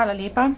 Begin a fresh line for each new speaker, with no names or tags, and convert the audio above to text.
Hvala lepa.